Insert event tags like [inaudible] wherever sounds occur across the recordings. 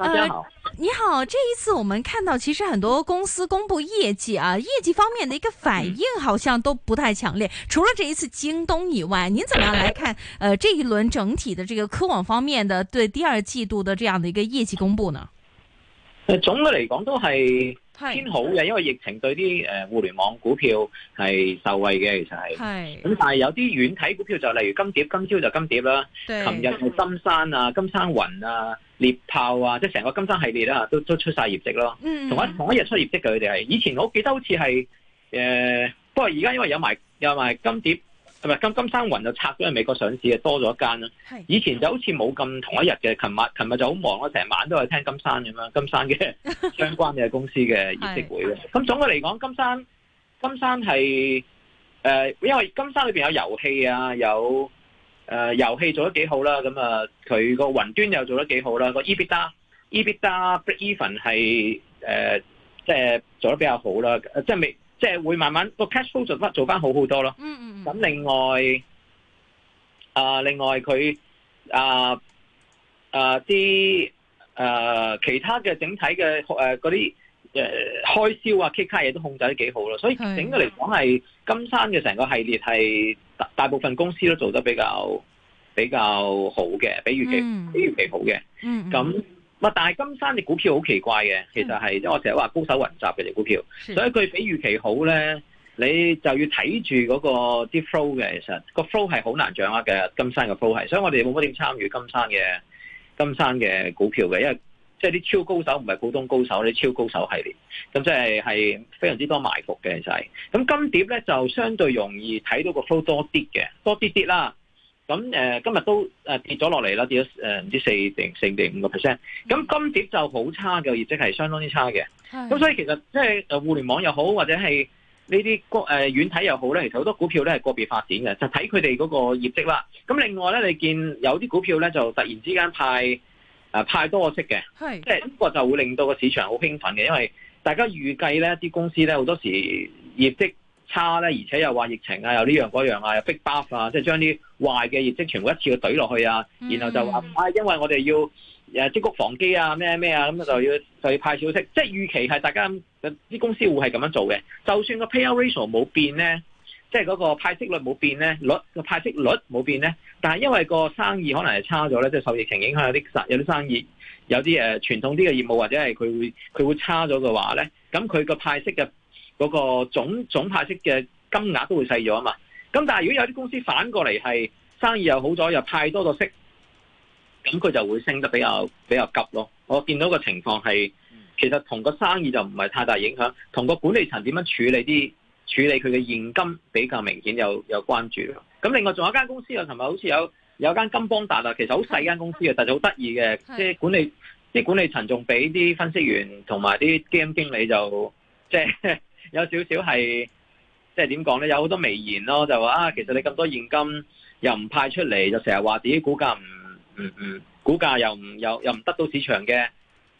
誒，你好、呃，你好！這一次我們看到，其實很多公司公布業績啊，業績方面的一個反應好像都不太強烈。除了這一次京東以外，您怎麼樣來看？誒、呃，這一輪整體的這個科網方面的對第二季度的這樣的一個業績公布呢？總的嚟講都係偏好嘅，因為疫情對啲誒互聯網股票係受惠嘅，其實係。係咁對，但係有啲軟體股票就例如金蝶，今朝就金蝶啦，琴對日係金山啊、嗯、金山雲啊。獵豹啊，即成個金山系列啦、啊，都都出曬業績咯。Mm hmm. 同一同一日出業績嘅佢哋係，以前我記得好似係誒，不過而家因為有埋有埋金蝶，係咪？金金山雲就拆咗去美國上市啊，多咗一間啦。Mm hmm. 以前就好似冇咁同一日嘅，琴日琴日就好忙咯，成晚都係聽金山咁樣，金山嘅 [laughs] 相關嘅公司嘅業績會嘅。咁、mm hmm. 嗯、總嘅嚟講，金山金山係誒、呃，因為金山裏面有遊戲啊，有。誒、呃、遊戲做得幾好啦，咁啊佢個雲端又做得幾好啦，個 EBITDA、EBITDA breakeven 係誒即、呃、係、即係、做得比較好啦，即係未即係會慢慢、個 cash flow 做翻做翻好好多咯。嗯嗯，咁另外啊、呃，另外佢啊啊啲啊其他嘅整體嘅誒嗰啲。呃誒，開銷啊，k 卡嘢都控制得幾好咯，所以整個嚟講係金山嘅成個系列係大部分公司都做得比較比較好嘅，比預期比預期好嘅。嗯，咁，但係金山隻股票好奇怪嘅，的其實係，即係我成日話高手雲集嘅隻股票，的所以佢比預期好咧，你就要睇住嗰個啲 flow 嘅，其實個 flow 係好難掌握嘅，金山嘅 flow 係，所以我哋冇乜點參與金山嘅金山嘅股票嘅，因為。即係啲超高手唔係普通高手，啲超高手系列，咁即係係非常之多埋伏嘅就係，咁金蝶咧就相對容易睇到個 flow 多啲嘅，多啲啲啦。咁誒、呃、今日都誒跌咗落嚟啦，跌咗誒唔知四定四定五個 percent。咁金蝶就好差嘅業績係相當之差嘅。咁的所以其實即係誒互聯網又好，或者係呢啲個誒軟體又好咧，其實好多股票咧係個別發展嘅，就睇佢哋嗰個業績啦。咁另外咧，你見有啲股票咧就突然之間派。啊！派多個息嘅，是即係呢、這個就會令到個市場好興奮嘅，因為大家預計咧啲公司咧好多時業績差咧，而且又話疫情啊，又呢樣嗰樣啊，又 big bath 啊，即係將啲壞嘅業績全部一次過懟落去啊，然後就話、嗯、啊，因為我哋要誒即、啊、谷防饑啊，咩咩啊，咁就要就要，就要派少息，即係預期係大家啲公司會係咁樣做嘅，就算個 Payout Ratio 冇變咧。即係嗰個派息率冇變咧，率個派息率冇變咧，但係因為個生意可能係差咗咧，即係受疫情影響有啲生有啲生意，有啲誒傳統啲嘅業務或者係佢會佢會差咗嘅話咧，咁佢個派息嘅嗰個總總派息嘅金額都會細咗啊嘛。咁但係如果有啲公司反過嚟係生意又好咗，又派多個息，咁佢就會升得比較比較急咯。我見到個情況係其實同個生意就唔係太大影響，同個管理層點樣處理啲。處理佢嘅現金比較明顯有有關注，咁另外仲有一間公司啊，尋日好似有有間金邦達啊，其實好細間公司嘅，但係好得意嘅，的即係管理，即係管理層仲俾啲分析員同埋啲基金經理就即係有少少係即係點講咧？有好多微言咯，就話啊，其實你咁多現金又唔派出嚟，就成日話自己股價唔唔唔，股價又唔又又唔得到市場嘅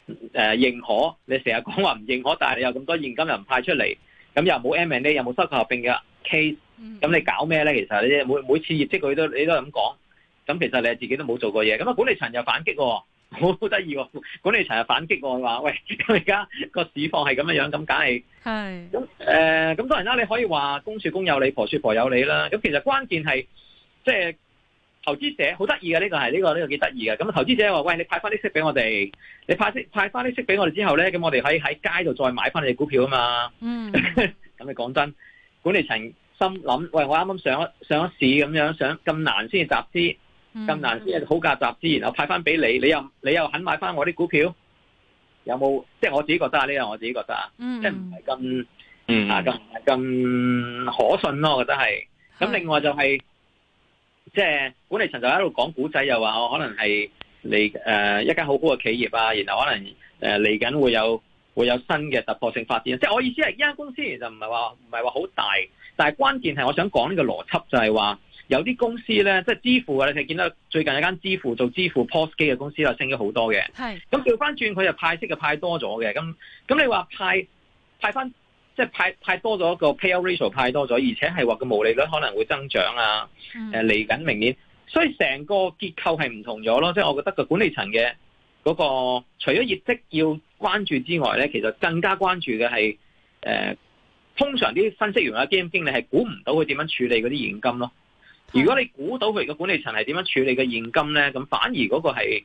誒、呃、認可，你成日講話唔認可，但係你有咁多現金又唔派出嚟。咁又冇 M&A，又冇收購合併嘅 case？咁你搞咩咧？其實你每每次業績佢都你都咁講，咁其實你自己都冇做過嘢。咁啊管理層又反擊，好得意喎！管理層又反擊，你話喂，而家個市況係咁樣樣，咁梗係係咁誒。咁當然啦，是呃、然你可以話公說公，公有理，婆說婆有理啦。咁其實關鍵係即係。投資者好得意嘅呢個係呢、這個呢、這個幾得意嘅，咁投資者話：，喂，你派翻啲息俾我哋，你派，派息派翻啲息俾我哋之後咧，咁我哋可以喺街度再買翻你嘅股票啊嘛。嗯，咁 [laughs] 你講真，管理層心諗：，喂，我啱啱上咗上咗市咁樣，想咁難先集資，咁、嗯、難先好價集資，然後派翻俾你，你又你又肯買翻我啲股票，有冇？即、就、係、是、我自己覺得啊，呢樣我自己覺得啊，即係唔係咁啊，咁咁可信咯，我覺得係。咁另外就係、是。即係管理層就喺度講古仔，又話我可能係嚟，誒一間好好嘅企業啊，然後可能誒嚟緊會有會有新嘅突破性發展。即係我意思係呢間公司其實唔係話唔係話好大，但係關鍵係我想講呢個邏輯就係話有啲公司咧，即係支付啊。你睇見到最近一間支付做支付 POS 機嘅公司咧升咗好多嘅。係咁調翻轉佢就派息就派多咗嘅。咁咁你話派派翻？即係派派多咗個 payout ratio 派多咗，而且係話個毛利率可能會增長啊。誒的，嚟緊明年，所以成個結構係唔同咗咯。即係我覺得個管理層嘅嗰個，除咗業績要關注之外咧，其實更加關注嘅係誒，通常啲分析員啊、基金經理係估唔到佢點樣處理嗰啲現金咯。的如果你估到佢個管理層係點樣處理嘅現金咧，咁反而嗰個係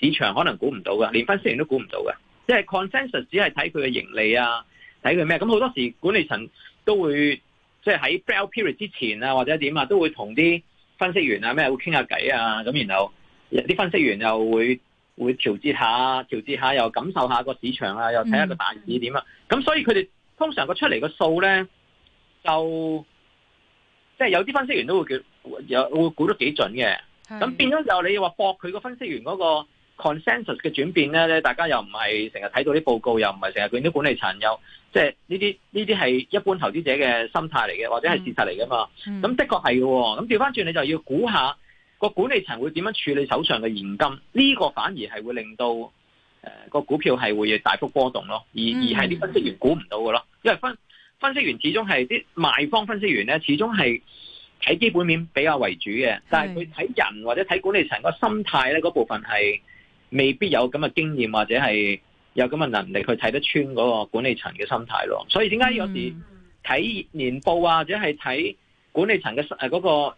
市場可能估唔到噶，連分析員都估唔到噶。即係 consensus 只係睇佢嘅盈利啊。睇佢咩？咁好多時管理層都會，即係喺 brow period 之前啊，或者點啊，都會同啲分析員啊咩，會傾下偈啊。咁然後有啲分析員又會會調節下、調節下，又感受下個市場啊，又睇下個大市點啊。咁所以佢哋通常個出嚟個數咧，就即係有啲分析員都會叫有會估得幾準嘅。咁是變咗就你話駁佢個分析員嗰個。consensus 嘅轉變咧，咧大家又唔係成日睇到啲報告，又唔係成日見啲管理層，又即係呢啲，呢啲係一般投資者嘅心態嚟嘅，或者係事實嚟噶嘛。咁、嗯嗯、的確係喎。咁調翻轉，你就要估下個管理層會點樣處理手上嘅現金，呢個反而係會令到誒、呃、個股票係會大幅波動咯。而、嗯、而係啲分析員估唔到嘅咯，因為分分析員始終係啲賣方分析員咧，始終係睇基本面比較為主嘅，但係佢睇人或者睇管理層個心態咧，嗰部分係未必有咁嘅經驗或者係有咁嘅能力去睇得穿嗰個管理層嘅心態咯，所以點解有時睇年報啊，或者係睇管理層嘅誒嗰個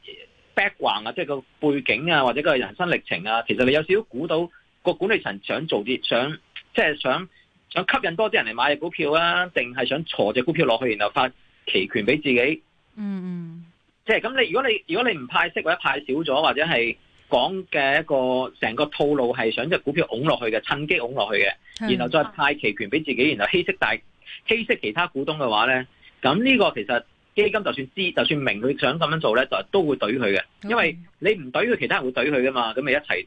background 啊，即係個背景啊，或者個人生歷程啊，其實你有少少估到個管理層想做啲想即係想想吸引多啲人嚟買嘅股票啊，定係想挫隻股票落去，然後發期權俾自己？嗯嗯，即係咁你如果你如果你唔派息或者派少咗或者係。講嘅一個成個套路係想隻股票拱落去嘅，趁機拱落去嘅，然後再派期權俾自己，然後稀釋大稀釋其他股東嘅話咧，咁呢個其實基金就算知，就算明佢想咁樣做咧，就都會懟佢嘅，因為你唔懟佢，其他人會懟佢噶嘛，咁咪一齊。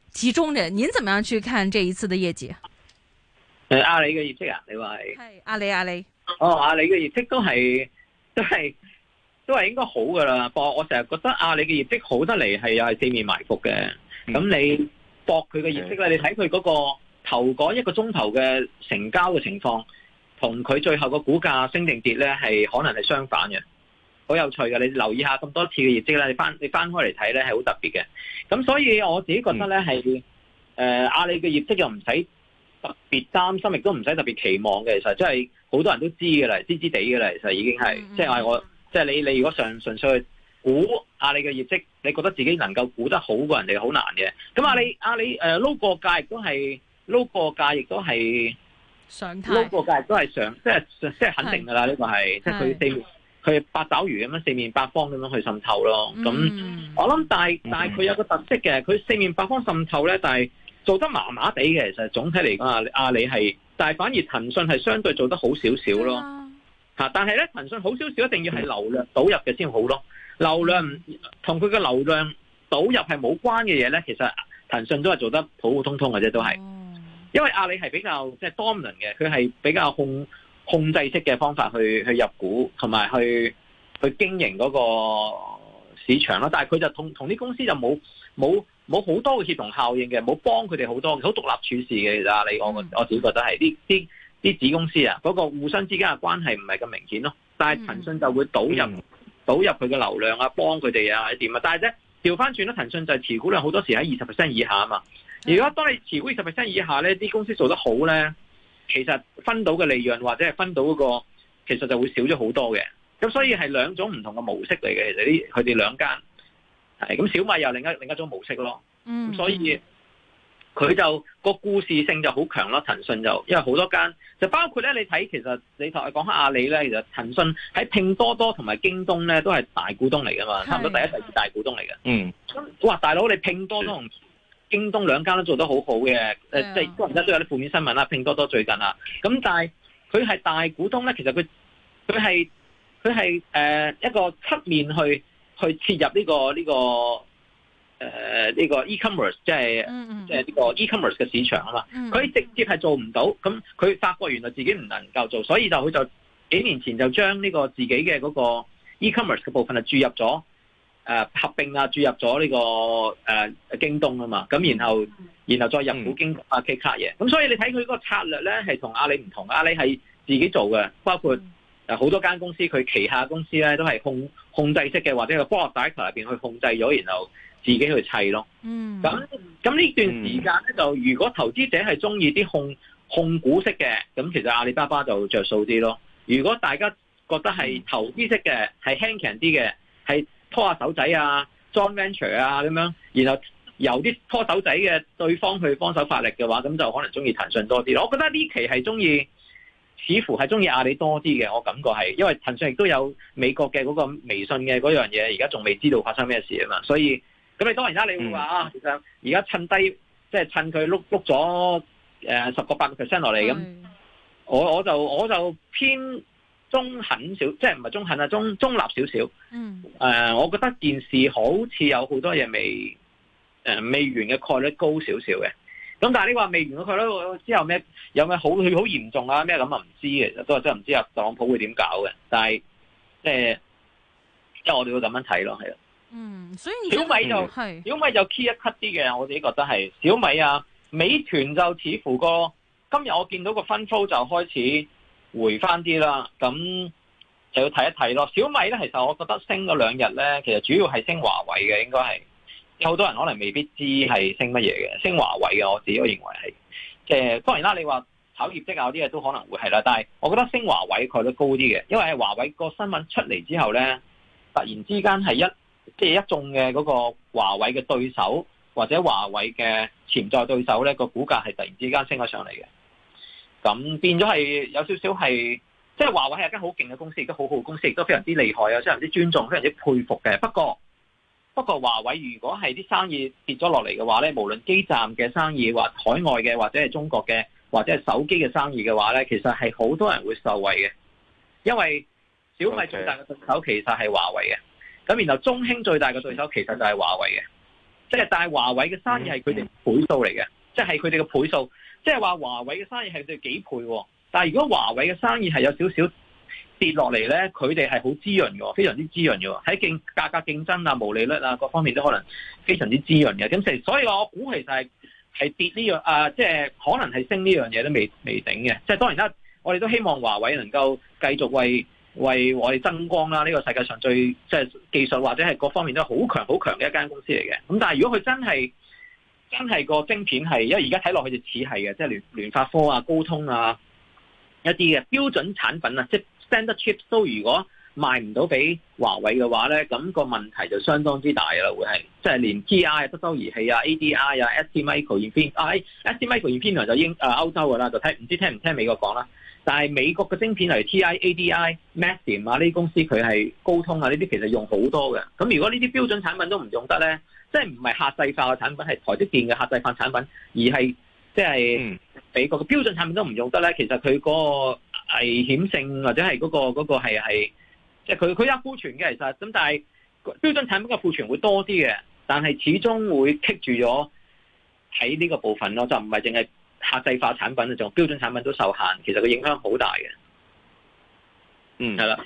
集中嘅，您怎麼樣去看這一次的業績？阿里嘅業績啊，你話係？阿里，阿里，哦，阿里嘅業績都係都係都係應該好噶啦，不過，我成日覺得阿里嘅業績好得嚟係又係四面埋伏嘅。咁、嗯、你博佢嘅業績咧，的你睇佢嗰個頭嗰一個鐘頭嘅成交嘅情況，同佢最後個股價升定跌咧，係可能係相反嘅。好有趣嘅，你留意下咁多次嘅業績咧，你翻你翻開嚟睇咧，係好特別嘅。咁所以我自己覺得咧係誒阿里嘅業績又唔使特別擔心，亦都唔使特別期望嘅。其實即係好多人都知㗎喇，知知地㗎喇。其實已經係即係我即係、即係、你，你如果想純粹去估阿里嘅業績，你覺得自己能夠估得好過人哋，好難嘅。咁阿里阿里誒撈個價亦都係撈個價亦都係，亦都係上太撈個價亦都係上，即係即係肯定㗎喇。呢是個係即係佢四。即係佢佢八爪魚咁樣四面八方咁樣去滲透咯，咁、嗯、我諗但係、嗯、但係佢有個特色嘅，佢四面八方滲透咧，但係做得麻麻地嘅，其實總體嚟講阿阿里係，但係反而騰訊係相對做得好少少咯。吓、嗯，但係咧騰訊好少少，一定要係流量導入嘅先好咯。流量同佢嘅流量導入係冇關嘅嘢，咧，其實騰訊都係做得普普通通嘅啫，都係。嗯、因為阿里係比較即係 dominant 嘅，佢、就、係、是、比較控。控制式嘅方法去去入股同埋去去經營嗰個市場咯，但係佢就同同啲公司就冇冇冇好多嘅協同效應嘅，冇幫佢哋好多，好獨立處事嘅。其實你我我自己覺得係啲啲啲子公司啊，嗰、嗰個互相之間嘅關係唔係咁明顯咯。但係騰訊就會倒入、嗯嗯、倒入佢嘅流量啊，幫佢哋啊點啊，但係咧調翻轉啦。騰訊就係持股量好多時喺二十 percent 以下啊嘛。如果當你持股二十 percent 以下咧，啲公司做得好咧。其實分到嘅利潤或者係分到嗰個，其實就會少咗好多嘅。咁所以係兩種唔同嘅模式嚟嘅。其實呢，佢哋兩間係咁，小米又另一另一種模式咯。嗯、mm，hmm. 所以佢就個故事性就好強咯。騰訊就因為好多間，就包括咧，你睇其實你同我講下阿里咧，其實騰訊喺拼多多同埋京東咧都係大股東嚟噶嘛，差唔多第一、第二大股東嚟嘅。嗯、mm。Hmm. 哇，大佬你拼多多同。京東兩間都做得好好嘅，誒的，即係而家都有啲負面新聞啦。拼多多最近啦，咁但係佢係大股東咧，其實佢佢係佢係誒一個側面去去切入呢個呢個誒呢個 e-commerce，即係即係呢個 e-commerce 嘅市場啊嘛。佢直接係做唔到，咁佢發覺原來自己唔能夠做，所以就佢就幾年前就將呢個自己嘅嗰個 e-commerce 嘅部分係注入咗。誒，合併啊，注入咗呢、這個誒、呃、京東啊嘛，咁然後、mm. 然後再入股京阿 K 卡嘢。咁所以你睇佢嗰個策略咧，係同阿里唔同，阿里係自己做嘅，包括誒好多間公司佢旗下公司咧都係控控制式嘅，或者個波羅帶球入邊去控制咗，然後自己去砌咯。嗯、mm.，咁咁呢段時間咧，mm. 就如果投資者係中意啲控控股式嘅，咁其實阿里巴巴就着數啲咯。如果大家覺得係投資式嘅，係輕強啲嘅，係。拖下手仔啊，joint venture 啊咁樣，然後由啲拖手仔嘅對方去幫手發力嘅話，咁就可能中意騰訊多啲咯。我覺得呢期係中意，似乎係中意阿里多啲嘅。我感覺係，因為騰訊亦都有美國嘅嗰個微信嘅嗰樣嘢，而家仲未知道發生咩事啊嘛。所以咁你當然啦，你會話啊，其實而家趁低，即係趁佢碌碌咗誒十個八個 percent 落嚟咁，我我就我就偏。中肯少，即係唔係中肯啊？中中立少少。嗯。誒、呃，我覺得件事好似有好多嘢未誒、呃、未完嘅概率高少少嘅。咁但係你話未完嘅概率之後咩？有咩好好嚴重啊？咩咁啊？唔知嘅，都係真係唔知啊！特朗普會點搞嘅？但係即係即係我哋要咁樣睇咯，係啊。嗯，所以小米就係、嗯、小米就 key 一 cut 啲嘅，我自己覺得係小米啊、美團就似乎個今日我見到個 fund flow 就開始。回翻啲啦，咁就要睇一睇咯。小米咧，其實我覺得升咗兩日咧，其實主要係升華為嘅，應該係有好多人可能未必知係升乜嘢嘅，升華為嘅。我自己都認為係，即、呃、係當然啦，你話炒業績啊啲嘢都可能會係啦，但係我覺得升華為概率高啲嘅，因為華為個新聞出嚟之後咧，突然之間係一即係、就是、一眾嘅嗰個華為嘅對手或者華為嘅潛在對手咧，個股價係突然之間升咗上嚟嘅。咁變咗係有少少係，即係華為係一間好勁嘅公司，亦都好好嘅公司，亦都非常之厲害啊，非常之尊重，非常之佩服嘅。不過不過，華為如果係啲生意跌咗落嚟嘅話咧，無論基站嘅生意，或者海外嘅，或者係中國嘅，或者係手機嘅生意嘅話咧，其實係好多人會受惠嘅，因為小米最大嘅對手其實係華為嘅，咁然後中興最大嘅對手其實就係華為嘅，即係但係華為嘅生意係佢哋倍數嚟嘅，即係佢哋嘅倍數。即係話華為嘅生意係對幾倍的，但係如果華為嘅生意係有少少跌落嚟咧，佢哋係好滋潤嘅，非常之滋潤嘅喺競價格競爭啊、毛利率啊各方面都可能非常之滋潤嘅。咁所以所以我估其實係係跌呢樣啊，即係可能係升呢樣嘢都未未頂嘅。即係當然啦，我哋都希望華為能夠繼續為為我哋增光啦。呢個世界上最即係技術或者係各方面都好強、好強嘅一間公司嚟嘅。咁但係如果佢真係。真係個晶片係，因為而家睇落去就似係嘅，即、就、係、是、聯聯發科啊、高通啊一啲嘅標準產品啊，即係 Standard Chips 都如果賣唔到俾華為嘅話咧，咁、那個問題就相當之大啦，會係即係連 T I 德州儀器啊、A D I 啊、S T Micro、Infineon、S T Micro、Infineon 就英、呃、歐洲噶啦，就睇唔知聽唔聽美國講啦。但係美國嘅晶片例如 T I、啊、A D I、Maxim 啊呢啲公司佢係高通啊呢啲其實用好多嘅，咁如果呢啲標準產品都唔用得咧，即係唔係客製化嘅產品係台積電嘅客製化產品，而係即係美國嘅標準產品都唔用得呢。其實佢嗰個危險性或者係嗰個嗰個係係，即係佢佢有庫存嘅其實。咁但係標準產品嘅庫存會多啲嘅，但係始終會棘住咗喺呢個部分咯，就唔係淨係客製化產品，就標準產品都受限。其實佢影響好大嘅。嗯，係啦。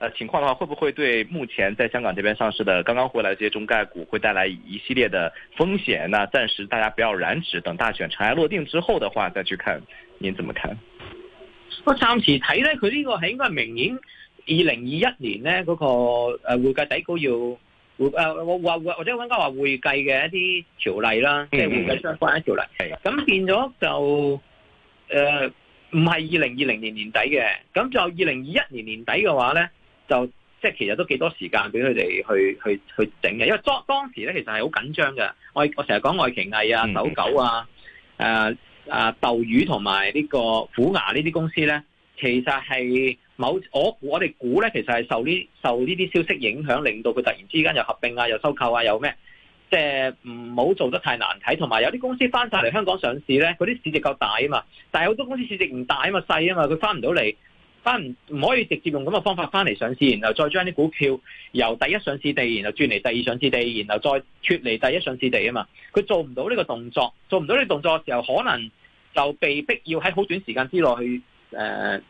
呃，情況的話，會不會對目前在香港這邊上市的剛剛回來這些中概股會帶來一系列的風險呢？呢暫時大家不要染指，等大選塵埃落定之後的話再去看，您怎麼看？我暫時睇呢佢呢個係應該係明年二零二一年咧，那個誒、呃、會計底稿要會誒我話或者我應該話會計嘅一啲條例啦，嗯、即係會計相關嘅條例。咁的變咗就誒唔係二零二零年年底嘅，咁就二零二一年年底嘅話呢就即係其實都幾多時間俾佢哋去去去整嘅，因為當當時咧其實係好緊張嘅。我我成日講愛奇藝啊、搜狗啊、誒誒鬥魚同埋呢個虎牙呢啲公司咧，其實係某我我哋估咧，其實係受呢受呢啲消息影響，令到佢突然之間又合併啊、又收購啊、又咩，即係唔好做得太難睇。同埋有啲公司翻晒嚟香港上市咧，佢啲市值夠大啊嘛，但係好多公司市值唔大啊嘛，細啊嘛，佢翻唔到嚟。翻唔可以直接用咁嘅方法翻嚟上市，然後再將啲股票由第一上市地，然後轉嚟第二上市地，然後再脫離第一上市地啊嘛！佢做唔到呢個動作，做唔到呢個動作嘅時候，可能就被逼要喺好短時間之內去要、呃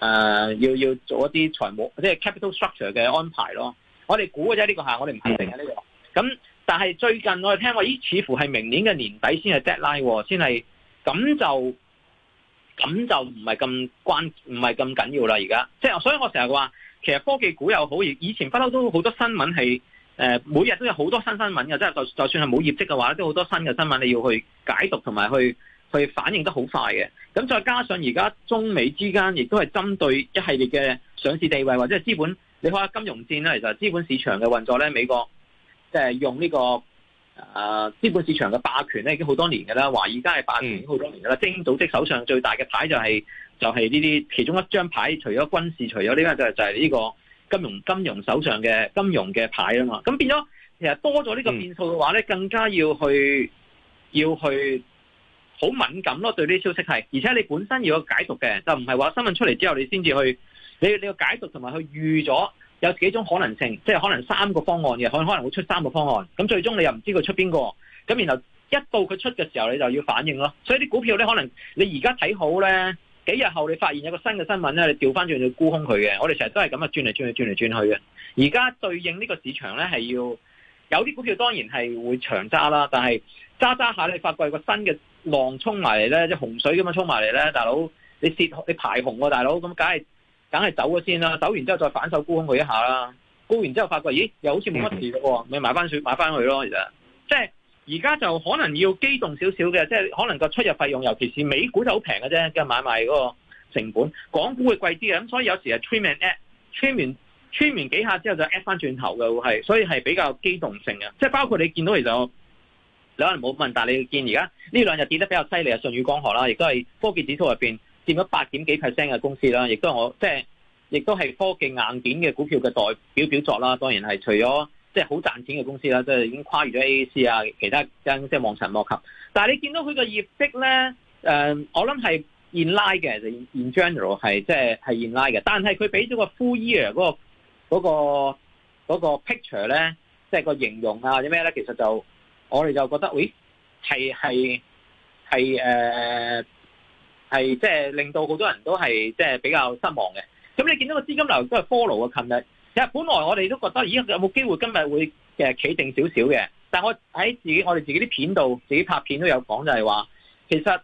呃、要做一啲財務即係 capital structure 嘅安排咯。我哋估嘅啫，呢、呢個嚇，我哋唔肯定嘅呢、呢個。咁但係最近我哋聽話，咦？似乎係明年嘅年底先係 deadline，先係咁就。咁就唔係咁關唔係咁緊要啦。而家即係所以我成日話，其實科技股又好，以前不嬲都好多新聞係誒，每日都有好多新新聞嘅，即係就就算係冇業績嘅話都好多新嘅新聞你要去解讀同埋去去反應得好快嘅。咁再加上而家中美之間亦都係針對一系列嘅上市地位或者係資本，你睇下金融戰咧，其實資本市場嘅運作咧，美國係用呢個。啊！資本市場嘅霸權咧已經好多年嘅啦，華爾街係霸權已經好多年嘅啦。嗯、精英組織手上最大嘅牌就係、是、就係呢啲其中一張牌，除咗軍事，除咗呢家就就係呢個金融金融手上嘅金融嘅牌啊嘛。咁變咗，其實多咗呢個變數嘅話咧，更加要去要去好敏感咯，對呢啲消息係，而且你本身要有解讀嘅，就唔係話新聞出嚟之後你先至去你你要解讀同埋去預咗。有幾種可能性，即係可能三個方案嘅，可能可能會出三個方案。咁最終你又唔知佢出邊個。咁然後一到佢出嘅時候，你就要反應咯。所以啲股票咧，可能你而家睇好咧，幾日後你發現有個新嘅新聞咧，你調翻轉去去沽空佢嘅。我哋成日都係咁啊，轉嚟轉去，轉嚟轉去嘅。而家對應呢個市場咧，係要有啲股票當然係會長揸啦，但係揸揸下你發覺有個新嘅浪沖埋嚟咧，即係洪水咁樣沖埋嚟咧，大佬你泄你排洪喎，啊，大佬咁梗係。梗係走咗先啦，走完之後再反手沽佢一下啦，沽完之後發覺咦，又好似冇乜事㗎喎，咪買翻轉買翻佢咯，其實即係而家就可能要機動少少嘅，即係可能個出入費用，尤其是美股就好平嘅啫，嘅買賣嗰個成本，港股會貴啲嘅，咁所以有時係 trim at trim trim 幾下之後就 at 翻轉頭嘅，係所以係比較機動性嘅，即係包括你見到其實你可能冇問，但係你見而家呢兩日跌得比較犀利啊，舜宇光學啦，亦都係科技指數入邊。佔咗八點幾 percent 嘅公司啦，亦都我即係，亦都係科技硬件嘅股票嘅代表表作啦。當然係除咗即係好賺錢嘅公司啦，即、就、係、是、已經跨越咗 AAC 啊，其他即係、就是、望塵莫及。但係你見到佢個業績咧，誒，我諗係 in line 嘅，就 in general 係即係係 in line 嘅。但係佢俾咗個 full year 嗰、那個嗰 picture 咧，即、那、係、個那個就是、個形容啊或者咩咧，其實就我哋就覺得，喂、哎，係係係係即係令到好多人都係即係比較失望嘅。咁你見到個資金流都係 follow 嘅，琴日其實本來我哋都覺得，咦，有冇機會今日會嘅企定少少嘅？但我喺自己我哋自己啲片度，自己拍片都有講，就係話其實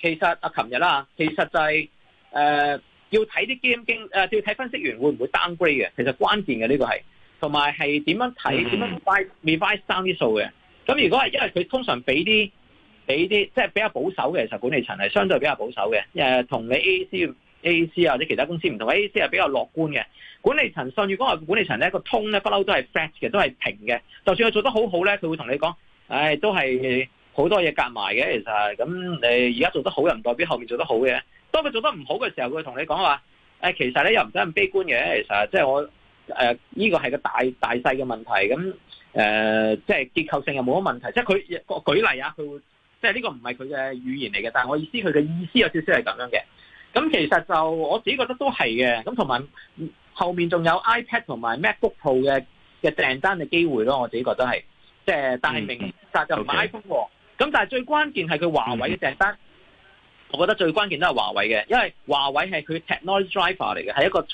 其實啊，琴日啦，其實就係誒要睇啲基金經誒，要睇分、呃、分析員會唔會 downgrade 嘅。其實關鍵嘅呢個係同埋係點樣睇點、mm. 樣 revised down 啲數嘅。咁如果係因為佢通常俾啲。俾啲即係比較保守嘅，其實管理層係相對比較保守嘅。誒，同你 A C A C 或者其他公司唔同，A C 係比較樂觀嘅。管理層信，如果話管理層咧個 tone 咧不嬲都係 flat 嘅，都係平嘅。就算佢做得好好咧，佢會同你講，誒、哎、都係好多嘢夾埋嘅。其實咁你而家做得好又唔代表後面做得好嘅。當佢做得唔好嘅時候，佢會同你講話，誒其實咧又唔使咁悲觀嘅。其實即係我誒呢、呃呢個係個大大細嘅問題。咁誒即係結構性又冇乜問題，即係佢個舉例啊，佢會。即係呢個唔係佢嘅語言嚟嘅，但係我意思佢嘅意思有少少係咁樣嘅。咁其實就我自己覺得都係嘅。咁同埋後面仲有 iPad 同埋 MacBook Pro 嘅嘅訂單嘅機會咯。我自己覺得係，即係大明殺就買 iPhone 喎。咁 Okay. 但係最關鍵係佢華為嘅訂單，mm hmm. 我覺得最關鍵都係華為嘅，因為華為係佢嘅 technology driver 嚟嘅，係一個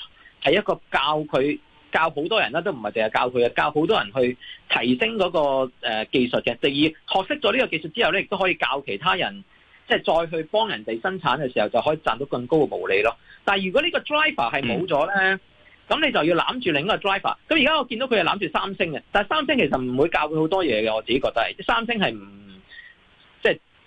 係一個教佢。教好多人啦，都唔係淨係教佢啊，教好多人去提升嗰、那個誒、呃、技術嘅。第二，學識咗呢個技術之後咧，亦都可以教其他人，即係再去幫人哋生產嘅時候，就可以賺到更高嘅毛利咯。但係如果呢個 driver 係冇咗咧，咁、嗯、你就要攬住另一個 driver。咁而家我見到佢係攬住三星嘅，但係三星其實唔會教佢好多嘢嘅，我自己覺得係，三星係唔。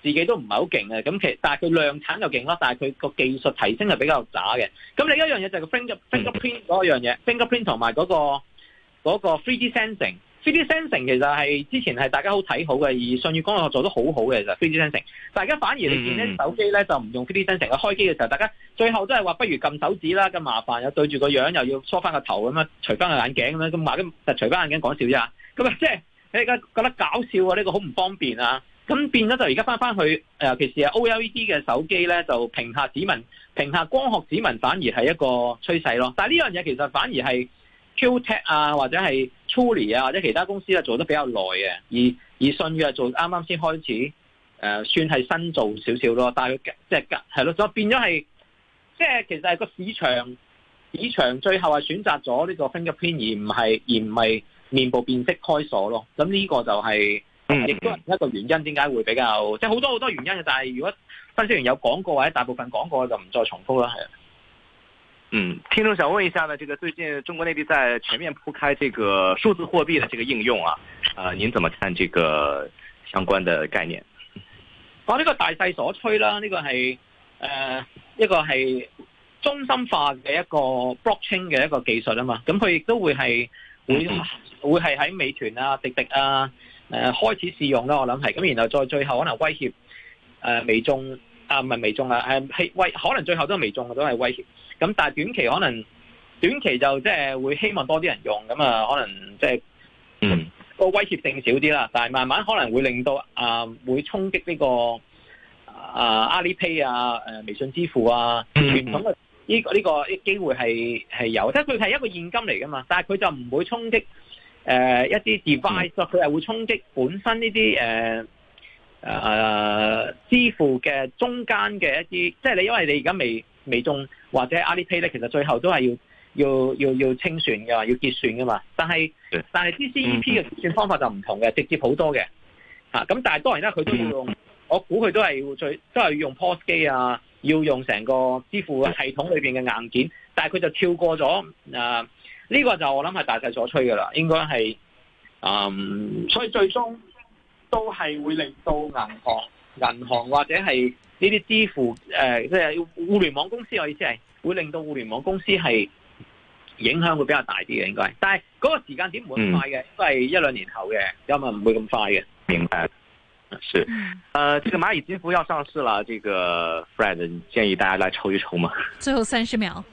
自己都唔係好勁嘅。咁其但係佢量產就勁啦，但係佢個技術提升係比較渣嘅。咁另一樣嘢就係 finger，finger print 嗰一樣嘢，finger print 同埋嗰個嗰個 three D sensing。three D sensing 其實係之前係大家好睇好嘅，而信譽光學做得好好嘅就 three D sensing。大家反而你見咧手機咧就唔用 three D sensing，開機嘅時候大家最後都係話不如撳手指啦，咁麻煩又對住個樣又要梳翻個頭咁樣，除翻個眼鏡咁樣，咁話咁就除翻眼鏡講笑啫，咁啊，即係你而家覺得搞笑啊？呢個好唔方便啊！咁變咗就而家翻翻去，尤其是係 OLED 嘅手機咧，就屏下指紋、屏下光學指紋反而係一個趨勢咯。但係呢樣嘢其實反而係 QTech 啊，或者係 Truly 啊，或者其他公司啊做得比較耐嘅。而而信譽做啱啱先開始，誒、呃、算係新做少少咯。但係即係係咯，就變咗係即係其實係個市場市場最後係選擇咗呢個 fingerprint，而唔係而唔係面部辨識開鎖咯。咁呢個就係、是。嗯，亦都係一個原因，點解會比較即係好多好多原因嘅。但係如果分析員有講過或者大部分講過，就唔再重複啦。係啊。嗯，聽眾想問一下呢，這個最近中國內地在全面鋪開這個數字貨幣的這個應用啊，啊、呃，您怎麼看這個相關的概念？我呢、嗯嗯嗯、個大勢所趨啦，呢、這個係誒一個係中心化嘅一個 blockchain 嘅一個技術啊嘛，咁佢亦都會係、嗯嗯、會會係喺美團啊、滴滴啊。誒、呃，開始試用啦，我諗係，咁然後再最後可能威脅誒未中啊，唔係未中啊，係威可能最後都係未中，都係威脅。咁但係短期可能短期就即係會希望多啲人用，咁啊可能，即、就、係、是，嗯個、嗯、威脅性少啲啦。但係慢慢可能會令到啊、呃、會衝擊呢、這個啊、呃、阿里 pay 啊，誒微信支付啊，傳統嘅呢個呢、這個這個機會係係有，即係佢係一個現金嚟噶嘛，但係佢就唔會衝擊。誒、呃、一啲 device，佢係會衝擊本身呢啲誒誒支付嘅中間嘅一啲，即係你因為你而家未未中或者 Alipay 咧，其實最後都係要要要要清算嘅，要結算噶嘛。但係但係 DCEP 嘅結算方法就唔同嘅，直接好多嘅吓咁、啊、但係當然啦，佢都要用，我估佢都係要最都係要用 pos 機啊，要用成個支付嘅系統裏面嘅硬件，但係佢就跳過咗啊。呃呢個就我諗係大勢所趨嘅啦，應該係，嗯，所以最終都係會令到銀行、銀行或者係呢啲支付誒，即、呃、係、就是、互聯網公司，我意思係會令到互聯網公司係影響會比較大啲嘅，應該是。但係嗰個時間點唔會咁快嘅，都係、嗯、一兩年後嘅，因為唔會咁快嘅。明白。是，誒、嗯呃，這個螞蟻支付要上市啦，這個 Fred 建議大家來抽一抽嘛。最後三十秒。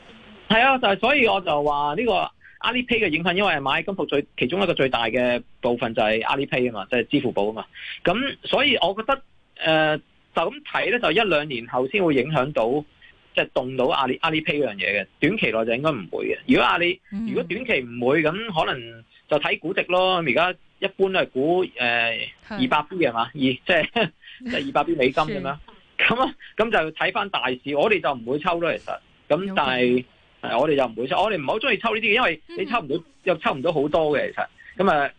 係 [laughs] 啊，就所以我就話呢、這個。阿里 pay 嘅影響，因為買金鋪最其中一個最大嘅部分就係阿里 pay 啊嘛，即係支付寶啊嘛。咁所以我覺得，誒、呃、就咁睇咧，就一兩年後先會影響到，即係動到阿里阿里 pay 嗰樣嘢嘅。短期內就應該唔會嘅。如果阿里，如果短期唔會，咁可能就睇估值咯。而家一般都係估誒二百 B 啊嘛，二即係即係二百 B 美金咁樣。咁咁 [laughs] 就睇翻大市。我哋就唔會抽咯，其實咁但係。我哋就唔會，哦、我哋唔好中意抽呢啲，因為你抽唔到、mm hmm. 又抽唔到好多嘅，其實咁啊。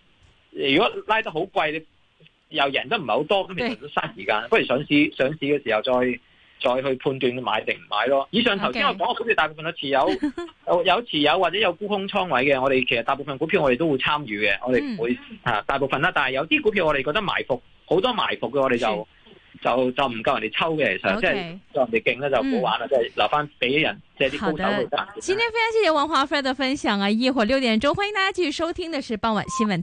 如果拉得好貴，你又贏得唔係好多，咁其實都嘥時間。不如上市上市嘅時候再再去判斷買定唔買，買咯。以上頭先我講，我 Okay. 好似大部分都持有有持有或者有沽空倉位嘅，我哋其實大部分股票我哋都會參與嘅，我哋唔會、mm hmm. 啊大部分啦。但係有啲股票我哋覺得埋伏好多埋伏嘅，我哋就。就就唔夠人哋抽嘅，其實，即係當 Okay. 人哋勁咧就唔好玩啦，即係、嗯、留翻俾人即係啲高手去打。的今天非常謝謝王華的分享啊！一會六點鐘，歡迎大家繼續收聽的是傍晚新聞。